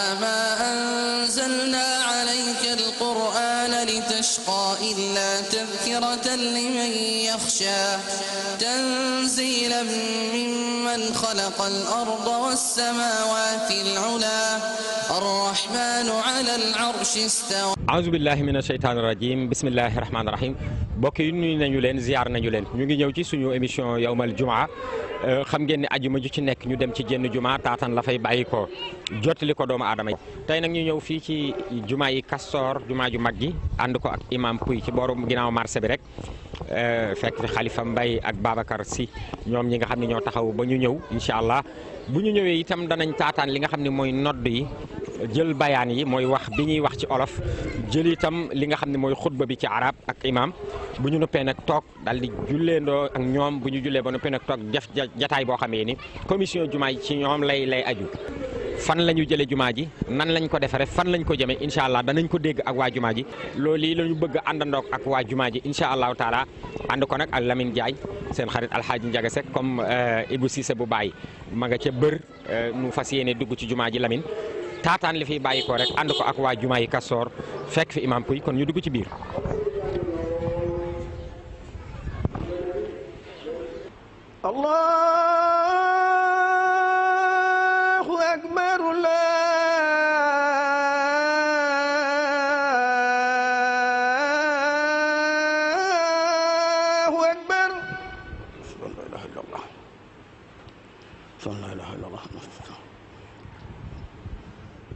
ما أنزلنا عليك القرآن لتشقى إلا تذكرة لمن يخشى تنزيلا ممن خلق الأرض والسماوات العلا الرحمن على العرش استوى أعوذ بالله من الشيطان الرجيم mbokk yi nuyu nañu leen ziar nañu leen ñu ngi ñëw ci suñu émission yawmal jumaa äh, xam ngeen ne ajuma ju ci nekk ñu dem ci jenn jumaa taatan la fay bàyyi ko jottali ko doomu aadama yi tey nag ñu ñëw fii ci jumaa yi Castor jumaa ju mag ji ànd ko ak imam Pouy ci booru ginnaaw marché bi rek äh, fekk fi Khalifa Mbaye ak Babacar si ñoom ñi nga xam ne ñoo taxaw ba ñu ñëw incha allah bu ñu ñëwee itam danañ taataan li nga xam ne mooy nodd yi jël bayaan yi mooy wax bi ñuy wax ci olof jël itam li nga xam ne mooy xutba bi ci arab ak imaam bu ñu noppee nag toog daal di julleendoo ak ñoom bu ñu jullee ba noppee nag toog def jataay boo xamee ni commission jumaa yi ci ñoom lay lay aju fan la ñu jëlee jumaa ji nan lañ ko defaree fan lañ ko jëmee incha allah danañ ko dégg ak waa jumaa ji loolu yi la ñu bëgg àndandoog ak waa jumaa ji incha allahu taala ànd ko nag a Lamine Ndiaye seen xarit Alxaaji Ndiaga Seck comme euh, Ibou Cissé bu bàyyi ma nga ca bër nu euh, fas yéene dugg ci jumaa ji Lamine taataan li fiy bàyyi ko rek ànd ko ak waa jumaa yi Kastoor fekk fi imam puy kon ñu dugg ci biir.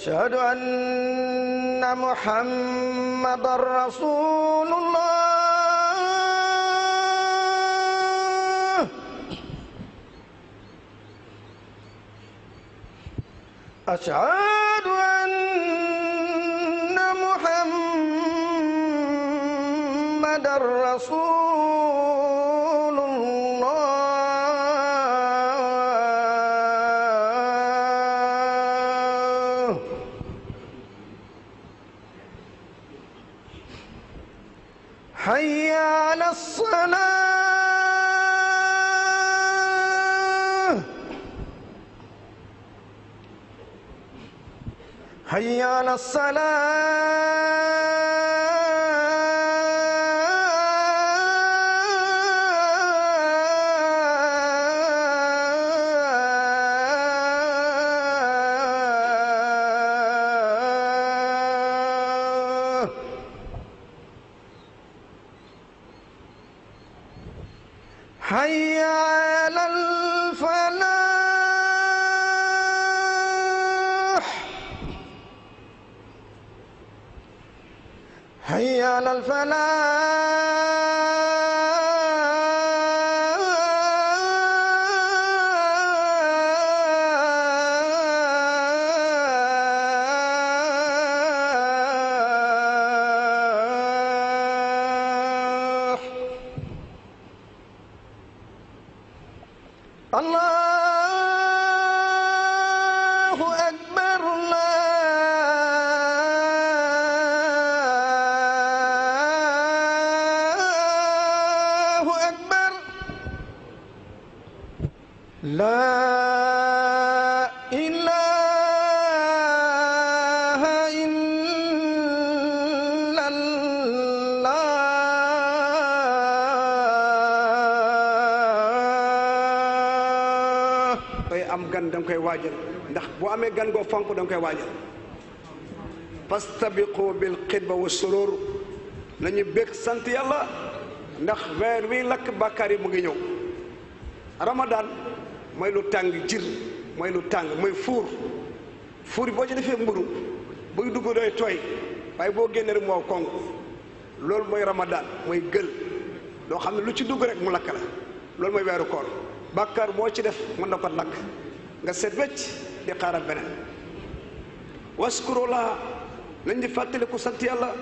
أشهد أن محمد رسول الله أشهد ربنا حي على الصلاه Allah danga koy waajal ndax boo amee gan goo fonk danga koy waajal fastabiqu bil xidba wa surur nañu bég sant yàlla ndax weer wi lakk bàkkaar yi mu ngi ñëw ramadan mooy lu tàng jir mooy lu tàng mooy fuur fuur yi boo ci defee mburu buy dugg doy tooy waaye boo génnee rek moo konk loolu mooy ramadan mooy gël loo xam ne lu ci dugg rek mu lakk la loolu mooy weeru koor bàkkaar boo ci def mën na ko lakk nga set wecc di xaaral beneen waskuro laa nañ di fàttaliku sant yàlla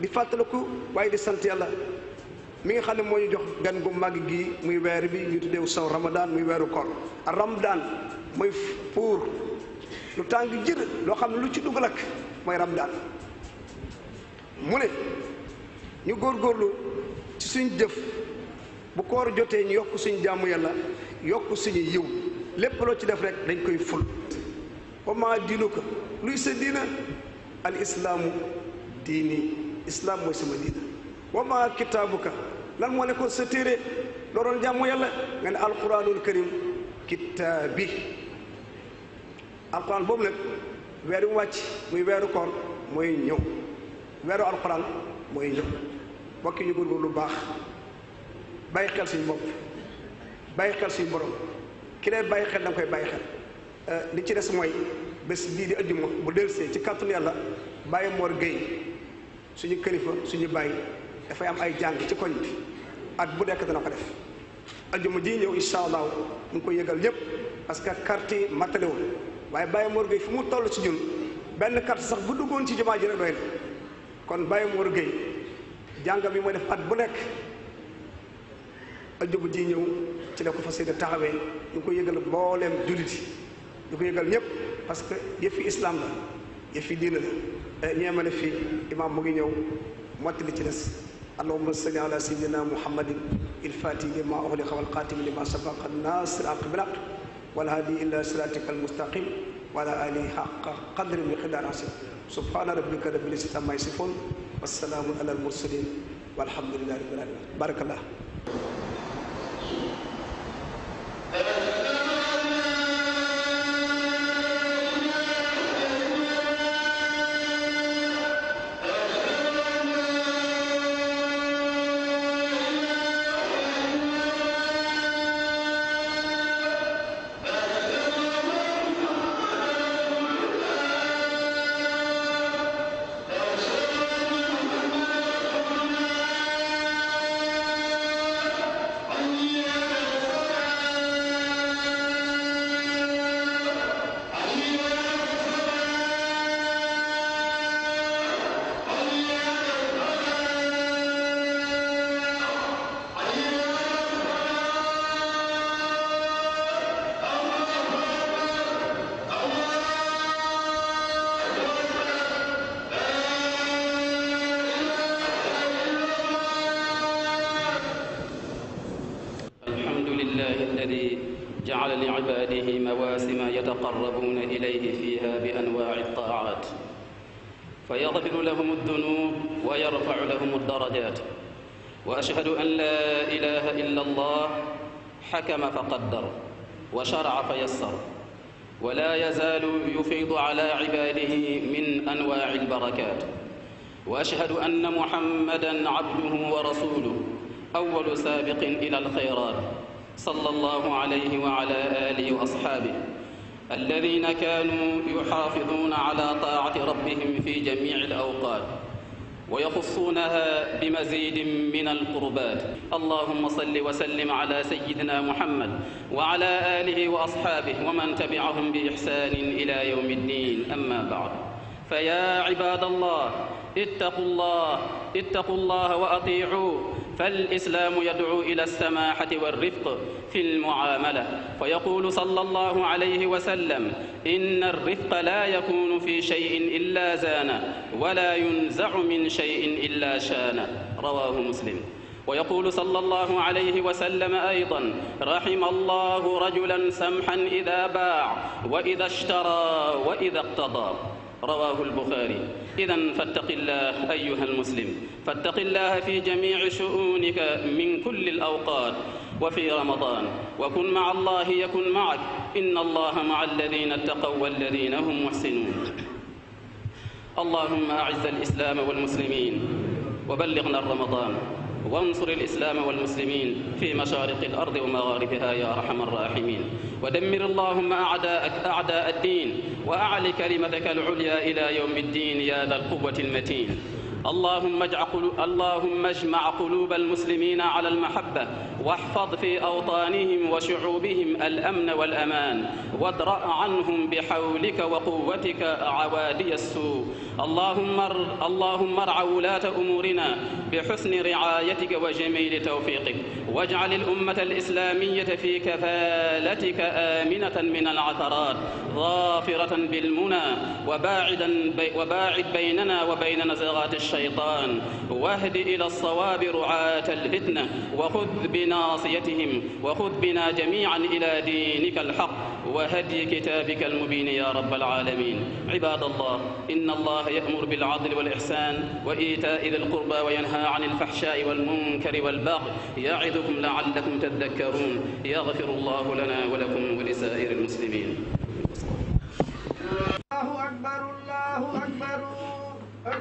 di fàttaliku waaye di sant yàlla mi nga xam ne moo ñu jox gan gu màgg gi muy weer bi ñu tuddee saw ramadan muy weeru koor ramadan mooy pour tàng jër loo xam ne lu ci dugal ak mooy ramadan mu ne ñu góorgóorlu ci suñ jëf bu koor jotee ñu yokk suñ jàmm yàlla yokk suñu yiw lépp loo ci def rek dañ koy ful wa maa diinu ko luy sa diina al islaamu diini islaam mooy sama diina wa maa kitaabu ka lan moo nekkoon sa téere loo doon jàmm yàlla nga ne alquranul karim kitaabi alquran boobu nag weer mu wàcc muy weeru koor mooy ñëw weeru alquran mooy ñëw bokki ñu góorgóorlu baax bàyyi xel suñu bopp bàyyi xel suñu borom ki lay bàyyi xel da nga koy bàyyi xel eh, li ci des mooy bés bii di àjjuma bu dellusee ci kàttanu yàlla bàyyi moor Gueye suñu kilifa suñu bàyyi dafay am ay jàng ci koñ bi at bu nekk dana ko def àjjuma ji ñëw incha allah ñu ngi koy yëgal ñëpp parce que carte yi mattalewul waaye bàyyi moor Gueye fu mu toll ci ñun benn carte sax bu duggoon ci jumaa ji rek doy na kon bàyyi moor Gueye jàngam bi mooy def at bu nekk. ajjuma ji ñëw ci la ko fas yéene taxawee ñu ko yëgal mbooleem jullit yi ñu ko yëgal ñëpp parce que yëfi islam la yëfi diina la eh, ñeemale fii imaam mu ngi ñëw mottali ci des allahumma salli ala sayyidina muhammadin il fati lima uxliqa wal xaatimi lima sabaqa nasir aq bilaq wal hadi ila siratika almustaqim wala alihi xaqa qadri mi xidaar asim subhana rabbika rabbil izzati amma yasifun wasalaamun ala almursalin walhamdulillahi rabbil alamin barakallah جعل لعباده مواسم يتقربون إليه فيها بأنواع الطاعات فيغفر لهم الذنوب ويرفع لهم الدرجات وأشهد أن لا إله إلا الله حكم فقدر وشرع فيسر ولا يزال يفيض على عباده من أنواع البركات وأشهد أن محمدا عبده ورسوله أول سابق إلى الخيرات صلى الله عليه وعلى آله وأصحابه الذين كانوا يحافظون على طاعة ربهم في جميع الأوقات ويخصونها بمزيد من القربات اللهم صل وسلم على سيدنا محمد وعلى آله وأصحابه ومن تبعهم بإحسان إلى يوم الدين أما بعد فيا عباد الله اتقوا الله اتقوا الله وأطيعوه فالإسلام يدعو إلى السماحة والرفق في المعاملة فيقول صلى الله عليه وسلم إن الرفق لا يكون في شيء إلا زانه ولا ينزع من شيء إلا شانه رواه مسلم ويقول صلى الله عليه وسلم أيضا رحم الله رجلا سمحا إذا باع وإذا اشترى وإذا اقتضى رواه البخاري إذا فاتق الله أيها المسلم فاتق الله في جميع شؤونك من كل الأوقات وفي رمضان وكن مع الله يكن معك إن الله مع الذين اتقوا والذين هم محسنون اللهم أعز الإسلام والمسلمين وبلغنا رمضان وانصر الإسلام والمسلمين في مشارق الأرض ومغاربها يا أرحم الراحمين ودمر اللهم أعداءك أعداء الدين وأعل كلمتك العليا إلى يوم الدين يا ذا القوة المتين اللهم اجمع اللهم اجمع قلوب المسلمين على المحبة واحفظ في أوطانهم وشعوبهم الأمن والأمان وادرأ عنهم بحولك وقوتك عوادي السوء اللهم اللهم ارع ولاة أمورنا بحسن رعايتك وجميل توفيقك واجعل الأمة الإسلامية في كفالتك آمنة من العثرات ظافرة بالمنى وباعدا وباعد بيننا وبين نزغات الشر الشيطان واهد إلى الصواب رعاة الفتنة وخذ بناصيتهم وخذ بنا جميعا إلى دينك الحق وهدي كتابك المبين يا رب العالمين عباد الله إن الله يأمر بالعدل والإحسان وإيتاء ذي القربى وينهى عن الفحشاء والمنكر والبغي يعظكم لعلكم تذكرون يغفر الله لنا ولكم ولسائر المسلمين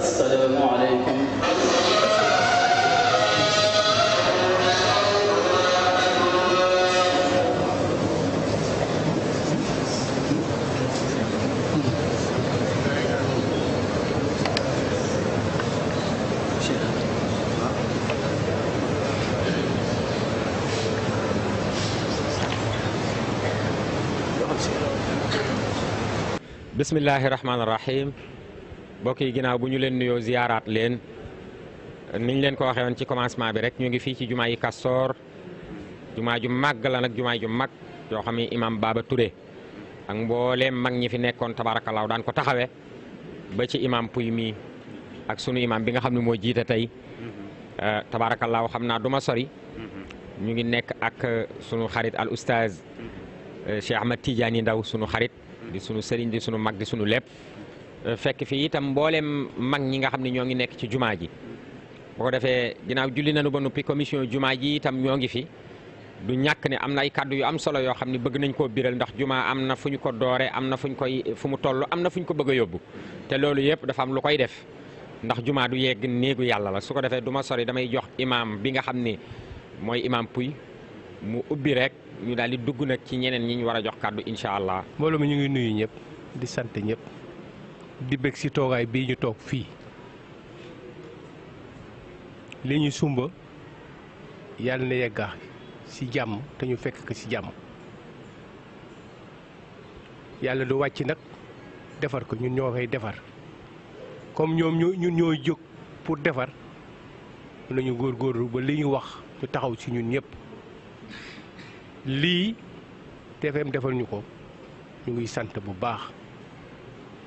السلام عليكم بسم الله الرحمن الرحيم mbokk yi ginnaaw bu ñu leen nuyoo ziyaaraat leen niñ leen ko waxee woon ci commencement bi rek ñu ngi fii ci jumaa yi Kastoor jumaa ju màgg la nag jumaa ju mag yoo xam ne imaam Baba Touré ak mbooleem mag ñi fi nekkoon tabarakallaahu daan ko taxawee ba ci imaam puy mii ak sunu imaam bi nga xam ne moo jiite tey mm-hmm. euh, tabarakallaahu xam naa du ma sori mm-hmm. ñu ngi nekk ak euh, sunu xarit al oustaz mm-hmm. euh, Cheikh Ahmad Tidiane Ndaw sunu xarit di sunu sëriñ di sunu mag di sunu lépp fekk fi itam mboolem mag ñi nga xam ne ñoo ngi nekk ci jumaa ji boo ko defee ginnaaw julli nañu ba noppi commission jumaa ji itam ñoo ngi fi du ñàkk ne am na ay kàddu yu am solo yoo xam ne bëgg nañ koo biral ndax jumaa am na fu ñu ko doore am na fu ñu koy fu mu toll am na fu ñu ko bëgg a yóbbu te loolu yëpp dafa am lu koy def ndax jumaa du yegg néegu yàlla la su ko defee du ma sori damay jox imaam bi nga xam ni mooy imaam puy mu ubbi rek ñu daal di dugg nag ci ñeneen ñi ñu war a jox kàddu incha allah. mbooloo mi ñu ngi nuyu ñëpp di sant ñëpp. di bég ci toogaay bii ñu toog fii li ñu sumba yàlla na yegga ci jàmm te ñu fekk ko ci jàmm yàlla du wàcc nag defar ko ñun ñoo koy defar comme ñoom ñu ñun ñoo jóg pour defar nañu góorgóorlu ba li ñu wax ñu taxaw ci ñun ñëpp lii TFM defal ñu ko ñu ngi sant bu baax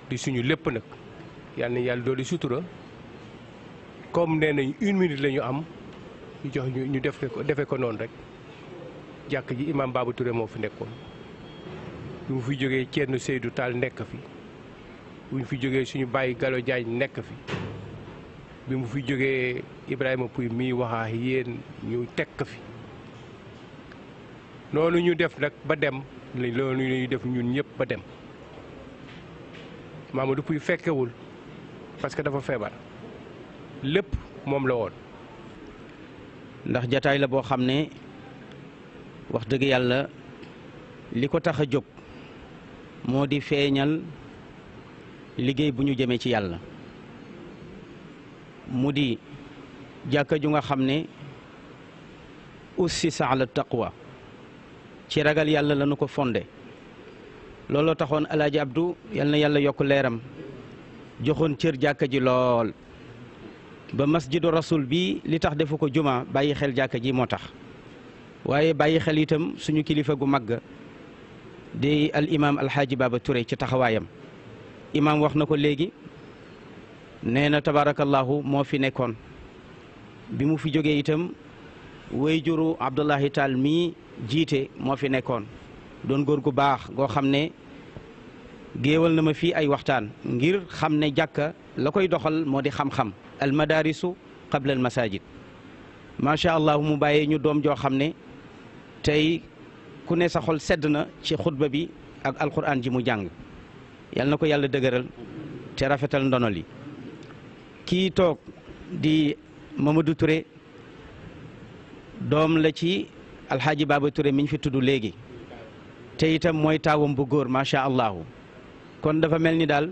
di suñu lépp nag yal na yàlla dooli sutura comme nee nañ une lañu am ñu jox ñu def ko ko noonu rek jàkk ji imam Babou moo fi nekkoon bu mu fi jógee Thierno Seydou taal nekk fi bu ñu fi jógee suñu bàyyi Gallo Diagne nekk fi bi mu fi jógee Ibrahima Pouy mii waxaa yéen ñu tekk fi noonu ñu def nag ba dem loolu ñu def ñun ñëpp ba dem Mamadou Pouye fekkewul parce que dafa feebar lépp moom la woon. ndax jataay la boo xam ne wax dëgg yàlla li ko tax a jóg moo di feeñal liggéey bu ñu jëmee ci yàlla mu di jàkka ju nga xam ne ussisa ala taqwa ci ragal yàlla lañu ko fonde looloo taxoon alaaji Abdou yal na yàlla yokk leeram joxoon cër jàkka ji lool ba masjidu rasul bi li tax defu ko juma bàyyi xel jàkka ji moo tax waaye bàyyi xel itam suñu kilifa gu màgg di al imaam alxaaji Baba Touré ci taxawaayam imaam wax na ko léegi nee na tabaarakallaahu moo fi nekkoon bi mu fi jógee itam wéy juru Abdullahi Taal mii jiite moo fi nekkoon doon góor gu baax goo xam ne géewal na ma fii ay waxtaan ngir xam ne jàkka la koy doxal moo di xam-xam al madarisu qabla al masajid macha allah mu bàyyee ñu doom joo xam ne tey ku ne sa xol sedd na ci xutba bi ak alquran ji mu jàng yal na ko yàlla dëgëral te rafetal ndono li kii toog di Mamadou ture doom la ci alxaaji baaba ture mi ñu fi tudd léegi te itam mooy taawam bu góor macha allah kon dafa mel ni daal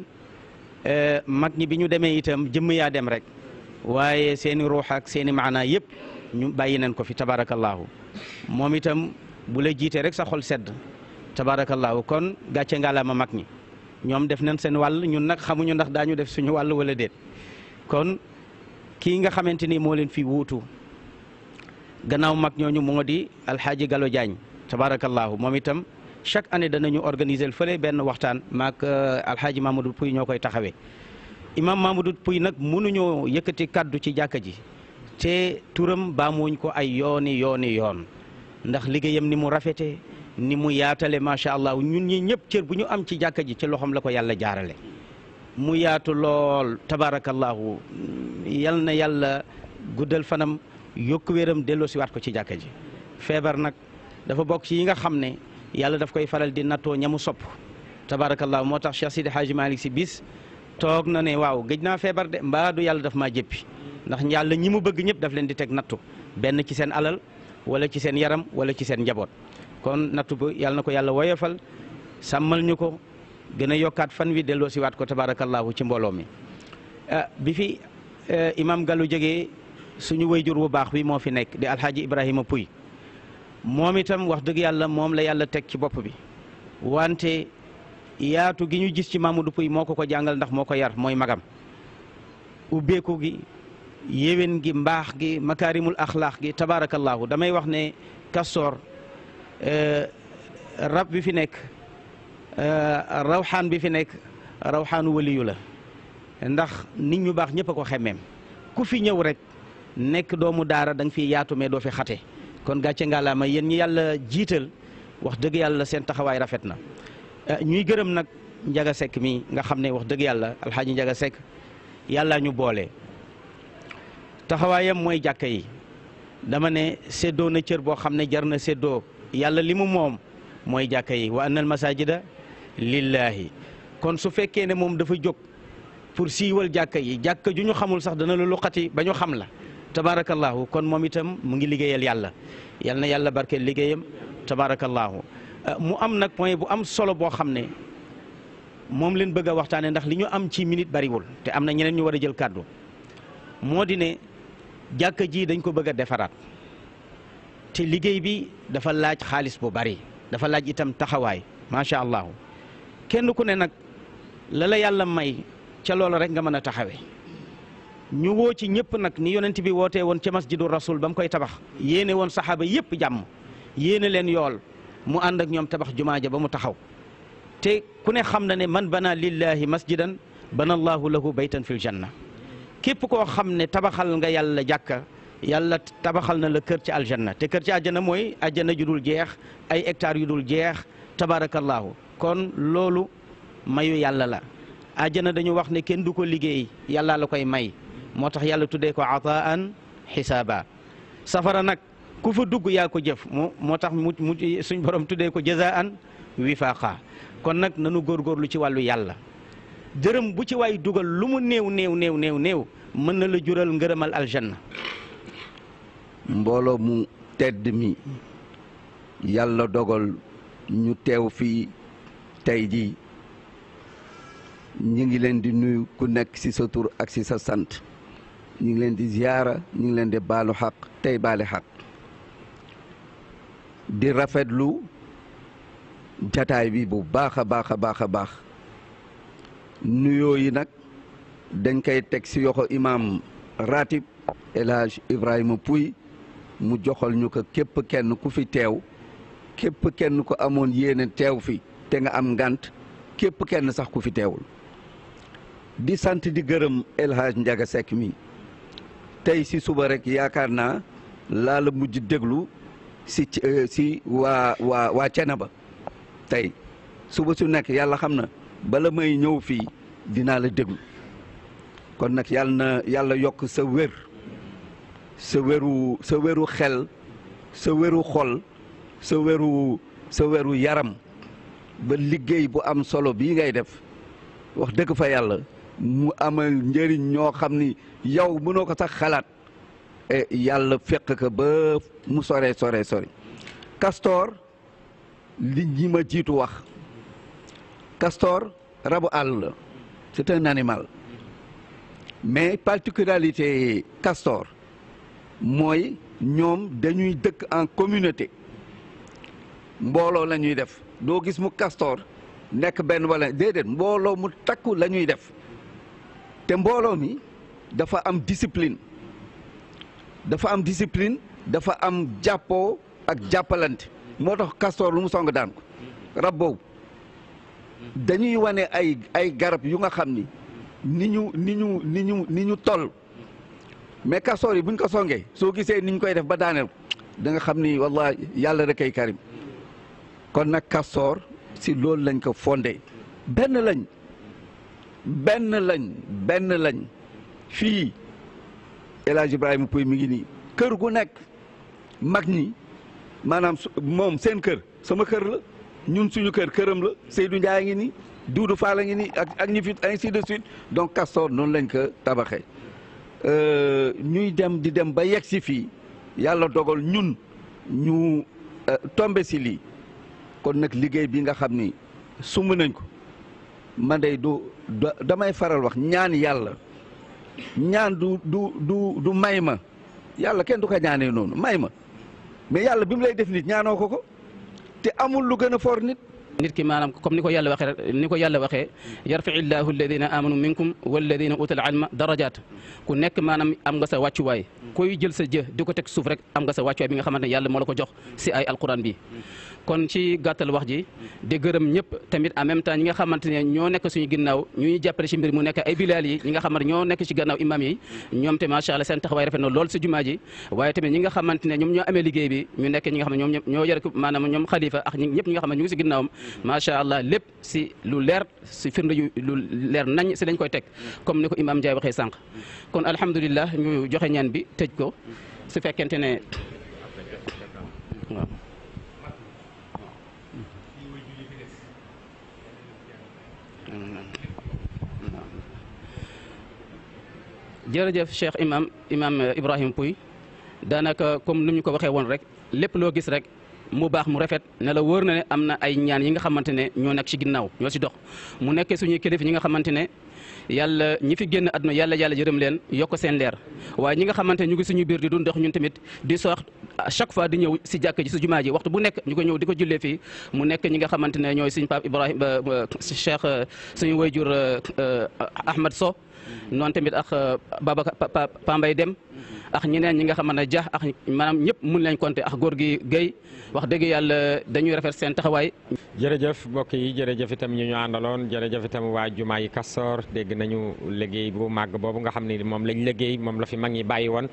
eh, mag ñi bi ñu demee itam jëmm yaa dem rek waaye seeni ruux seeni maanaa yëpp ñu bàyyi nañ ko fi tabaarakallaahu moom itam bu la jiitee rek sa xol sedd tabaarakallaahu kon gàcce ngalaama mag ñi ñoom def nañ seen wàll ñun nag xamuñu ndax daañu def suñu wàll wala déet kon kii nga xamante ni moo leen fi wuutu gannaaw mag ñooñu moo di alxaaji Gallo Diagne tabaarakallaahu moom itam chaque année danañu organiser fële benn waxtaan maak euh, alxaaji Mamadou Pouy ñoo koy taxawee imam Mamadou Pouy nag mënuñoo yëkkati kaddu ci jàkka ji te turam baamuñ ko ay yooni yooni yoon ndax liggéeyam ni mu rafete ni mu yaatale macha allah ñun ñi ñëpp cër bu ñu am ci jàkka ji ci loxoom la ko yàlla jaarale mu yaatu lool tabarakallahu yal na yàlla guddal fanam yokku wéram delloo si waat ko ci jàkka ji feebar nag dafa bokk yi nga xam ne yàlla daf koy faral di nattoo ñamu sopp tabaarakallaahu moo tax Cheikh Sidi Hadji Malick si bis toog na ne waaw gëj naa feebar de mbaa yàlla daf maa jëppi ndax yàlla ñi mu bëgg ñëpp daf leen di teg nattu benn ci seen alal wala ci seen yaram wala ci seen njaboot kon nattu bu yàlla na ko yàlla woyofal sàmmal ñu ko gën a yokkaat fan wi delloo si waat ko tabaarakallaahu ci mbooloo mi ah, bi fi eh, imam Gallu jógee suñu wayjur bu baax wi moo fi nekk di alhaaji Ibrahima Pouy moom itam wax dëgg yàlla moom la yàlla teg ci bopp bi wante yaatu gi ñu gis ci du Pouye moo ko ko jàngal ndax moo ko yar mooy magam ubbeeku gi yéwén gi mbaax gi makaarimul axlaax gi tabaarakallaahu damay wax ne kastoor eh, rab bi fi nekk eh, rawxaan bi fi nekk rawxaanu waliyu la ndax nit ñu baax ñëpp ko xemmeem ku fi ñëw rek nekk doomu daara da nga fiy yaatu mais doo fi xate kon gàcce ngalaama yéen ñi yàlla jiital wax dëgg yàlla seen taxawaay rafet na eh, ñuy gërëm nag Njaga Sekk mi nga xam ne wax dëgg yàlla alxaaji Njaga Sekk yàlla ñu boole taxawaayam mooy jàkka yi dama ne seddoo na cër boo xam ne jar na séddoo yàlla li mu moom mooy jàkka yi wa annal masajida lillaahi kon su fekkee ne moom dafa jóg pour siiwal jàkka yi jàkka ju ñu xamul sax dana la luqati ba ñu xam la tabaarakallaahu kon moom itam mu ngi liggéeyal yàlla yal na yàlla barkeel liggéeyam tabaarakallaahu euh, mu am nag point bu am solo boo xam ne moom leen bëgg a waxtaanee ndax li ñu am ci minute bariwul te am na ñeneen ñu war a jël kàddu moo di ne jàkka ji dañ ko bëgg a defaraat te liggéey bi dafa laaj xaalis bu bari dafa laaj itam taxawaay macha allah kenn ku ne nag la la yàlla may ca loolu rek nga mën a taxawee. ñu woo ci ñëpp nag ni yonent bi wootee woon ca masjidu rasul ba mu koy tabax yéene woon saxaaba yëpp jàmm yéene leen yool mu ànd ak ñoom tabax jumaa ja ba mu taxaw te ku ne xam na ne man bana lillahi masjidan bana allahu lahu baytan fil janna képp koo xam ne tabaxal nga yàlla jàkka yàlla tabaxal na la kër ci aljanna te kër ci aljanna mooy aljanna ju dul jeex ay hectares yu dul jeex tabaarakallaahu kon loolu mayu yàlla la aljanna dañu wax ne kenn du ko liggéey yàlla la koy may moo tax yàlla tuddee ko ataan xisaaba safara nag ku fa dugg yaa ko jëf moo tax mu mu suñ borom tuddee ko an wifaqa kon nag nanu góor góorlu ci wàllu yàlla dërëm bu ci waay dugal lu mu néew néew néew néew néew mën na la jural ngërëmal aljanna mbooloo mu tedd mi yàlla dogal ñu teew fii tey jii ñu ngi leen di nuyu ku nekk ci sa tur ak ci sa sant ñu ngi leen di ziyaara ñu ngi leen di baalu xaq tey baali xaq di rafetlu jataay bi bu baax a baax a baax a baax nuyoo yi nag dañ koy teg ci yoxo imaam ratib El Hadj Ibrahima Pouy mu joxal ñu ko képp kenn ku fi teew képp kenn ku amoon yéene teew fi te nga am ngànt képp kenn sax ku fi teewul di sant di gërëm El njaga sekk mi tey si suba rek yaakaar naa laa la mujj déglu si euh, si waa waa waa Thiénaba tey suba su nekk yàlla xam na bala may ñëw fii dinaa la déglu kon nag yàlla na yàlla yokk sa wér sa wéru sa wéru xel sa wéru xol sa wéru sa wéru yaram ba liggéey bu am solo bii ngay def wax dëgg fa yàlla mu amal njëriñ ñoo xam ni yow mënoo ko sax xalaat e yàlla fekk ko ba mu sore sore sore castor li ñi ma jiitu wax castor rabu àll la c'est un animal mais particularité castor mooy ñoom dañuy dëkk en communauté mbooloo la ñuy def doo gis mu castor nekk benn wala déedéet mbooloo mu takku la ñuy def te mbooloo mi dafa am discipline dafa am disipline dafa am jàppoo ak jàppalante moo tax kastoor lu mu song daan ko rab boobu dañuy wane ay ay garab yu nga xam ni ni ñu ni ñu ni ñu ni ñu toll mais kastoor yi buñ ko songee soo gisee ni ñu koy def ba daaneel da nga xam ni wallahi yàlla rek ay karim kon nag kastoor si loolu lañ ko fondé benn lañ benn lañ benn lañ fii El Hadj Ibrahima Pouye mi ngi nii kër gu nekk mag ñi maanaam moom seen kër sama kër la ñun suñu kër këram la Seydou Ndiaye ngi nii Doudou Fall a ngi nii ak ak ñi fi ainsi de suite donc Castor noonu lañ ko tabaxee euh, ñuy dem di dem ba yeg si fii yàlla dogal ñun ñu euh, tombe si lii kon nag liggéey bi nga xam ni sumb nañ ko man day du damay faral wax ñaan yàlla ñaan du du du du may ma yàlla kenn du ko ñaanee noonu may ma mais yàlla bi mu lay def nit ñaanoo ko ko te amul lu gën a for nit nit ki maanaam comme ni ko yàlla waxee ni ko yàlla waxee yarfaillaahu alladina amanu minkum walladina utal alma darajaat ku nekk maanaam am nga sa wàccuwaay koy jël sa jë di ko suuf rek am nga sa wàccuwaay bi nga xamante yàlla moo jox si ay alquran bi kon ci gàttal wax ji gërëm ñëpp tamit en ñi nga xamante ñoo nekk suñu ginnaaw ñuy jàppale si mbir mu nekk ay bilaal yi ñoo nekk si gannaaw imam yi ñoom te macha allah seen taxawaay rafet na lool si jumaa waaye tamit ñi nga xamante macha allah lépp si lu leer si firnde yu lu leer nañ si lañ koy teg comme ni ko imam Ndiaye waxee sànq kon alhamdulilah ñu joxe ñaan bi tëj ko su fekkente ne waaw jërëjëf Cheikh imam imam Ibrahim Pouy daanaka comme ni ñu ko waxee woon rek lépp loo gis rek. mu baax mu rafet ne la wóor na ne am na ay ñaan yi nga xamante ne ñoo nekk si ginnaaw ñoo si dox mu nekkee suñuy kilifa ñi nga xamante ne yàlla ñi fi génn àdduna yàlla yàlla yërëm leen yokk seen leer waaye ñi nga xamante ne ñu ngi suñu biir di dund dox ñun tamit di soox chaque fois di ñëw si jàkk ji si jumaa ji waxtu bu nekk ñu ko ñëw di ko jullee fii mu nekk ñi nga xamante ne ñooy suñu Pape si Cheikh euh, suñu wayjur euh, euh, Ahmad So mm-hmm. noonu tamit ak Babacar Pambay Dem mm-hmm. ak ñeneen ñi nga xam ne jaax ak maanaam ñëpp mun lañ compter ax góor gi Guèye wax dëgg yàlla dañuy rafet seen taxawaay. jërëjëf mbokk yi jërëjëf itam ñu ñu àndaloon jërëjëf itam waa jumaa yi Kastoor dégg nañu liggéey bu màgg boobu nga xam ne moom lañ liggéey moom la fi mag ñi bàyyi woon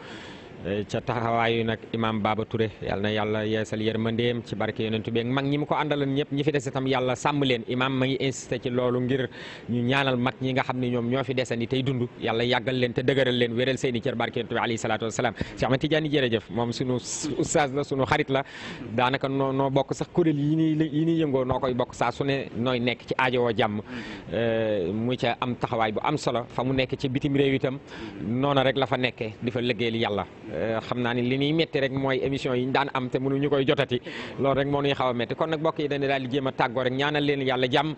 Eh, ca taxawaayu nag imaam baaba Touré yal na yàlla yeesal yërmandeem ci barke yonentu beeg mag ñi mu ko àndalan ñëpp ñi fi des itam yàlla sàmm leen imaam ma ngi insisté ci loolu ngir ñu ñaanal mag ñi nga xam ne ñoom ñoo fi desandi tey dund yàlla yàggal leen te dëgëral leen wéral seeni cër barke yonentu bi alayhi salaatu wasalaam Cheikh Ahmed Tidiane jërëjëf moom sunu oustaz la sunu xarit la daanaka noo noo bokk sax kuréel yi nii yi nii yëngoo noo koy bokk saa su nooy nekk ci aajowoo jàmm eh, mu ca am taxawaay bu am solo fa mu nekk ci bitim réew itam noona rek la fa nekkee di fa liggéeyal yàlla Euh, xam naa ni li ñuy métti rek mooy émission yi ñu daan am te mënuñu koy jotati loolu rek moo ñuy xaw a kon nag mbokk daal di jéem a tàggoo rek ñaanal leen yàlla jàmm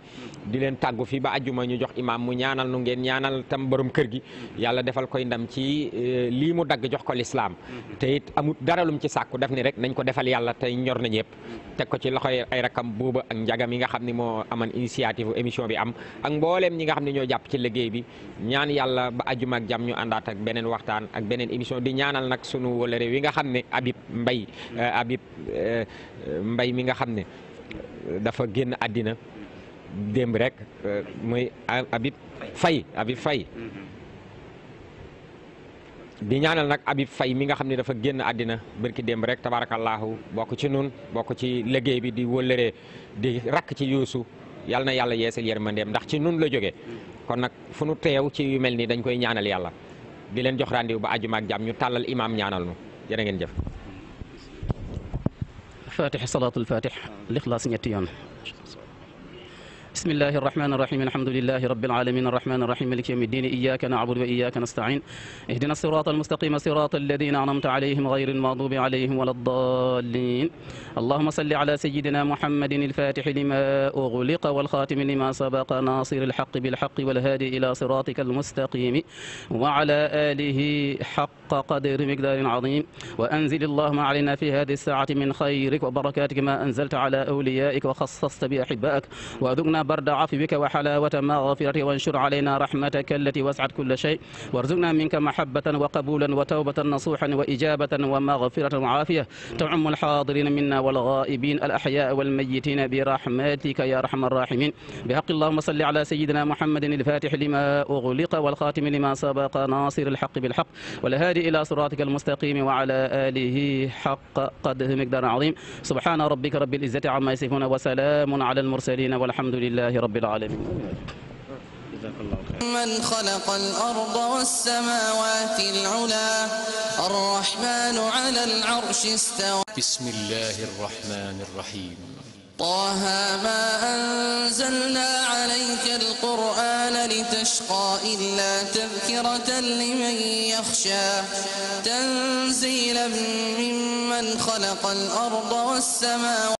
di leen tàggu ba ajjuma ñu jox imaam mu ñaanal nu ngeen ñaanal tam borom kër gi yàlla defal koy ndam ci euh, lii dagg jox ko lislaam te it amut dara lum ci sàkku def ni rek nañ ko defal yàlla tey ñor na ñëpp teg ko ci loxoy ay rakam buuba ak njagam yi nga xam ne moo aman initiative émission bi am ak mbooleem ñi nga xam ne ñoo jàpp ci liggéey bi ñaan yàlla ba ajjuma sunu wëlëre wi nga xam ne Habib mbay euh, Habib euh, Mbaye mi nga xam ne dafa génn àddina démb rek euh, muy Habib fay Habib Faye di ñaanal nag Habib fay mi nga xam ne dafa génn àddina barki demb rek tabaarakallaahu bokk ci nun bokk ci liggéey bi di wëlëree di rakk ci yuusu yàlla na yàlla yeesal yërmandeem ndax ci nun la jóge kon nag fu nu teew ci yu mel nii dañ koy ñaanal yàlla di leen jox rendez-vous ba àjjuma ak jàmm ñu tàllal imaam ñaanal nu jërë ngeen jëf fatix salaatul fatix lixlaas ñetti yoon بسم الله الرحمن الرحيم الحمد لله رب العالمين الرحمن الرحيم مالك يوم الدين إياك نعبد وإياك نستعين اهدنا الصراط المستقيم صراط الذين أنعمت عليهم غير المغضوب عليهم ولا الضالين اللهم صل على سيدنا محمد الفاتح لما أغلق والخاتم لما سبق ناصر الحق بالحق والهادي إلى صراطك المستقيم وعلى آله حق حق قدر مقدار عظيم وأنزل اللهم علينا في هذه الساعة من خيرك وبركاتك ما أنزلت على أوليائك وخصصت بأحبائك وأذقنا برد عفوك وحلاوة مغفرتك وانشر علينا رحمتك التي وسعت كل شيء وارزقنا منك محبة وقبولا وتوبة نصوحا وإجابة ومغفرة وعافية تعم الحاضرين منا والغائبين الأحياء والميتين برحمتك يا أرحم الراحمين بحق اللهم صل على سيدنا محمد الفاتح لما أغلق والخاتم لما سبق ناصر الحق بالحق والهادي الهادي إلى صراطك المستقيم وعلى آله حق قدره مقدار عظيم سبحان ربك رب العزة عما يصفون وسلام على المرسلين والحمد لله رب العالمين من خلق الأرض والسماوات العلا الرحمن على العرش استوى بسم الله الرحمن الرحيم طه ما أنزلنا عليك القرآن لتشقى إلا تذكرة لمن يخشى تنزيلا ممن خلق الأرض والسماوات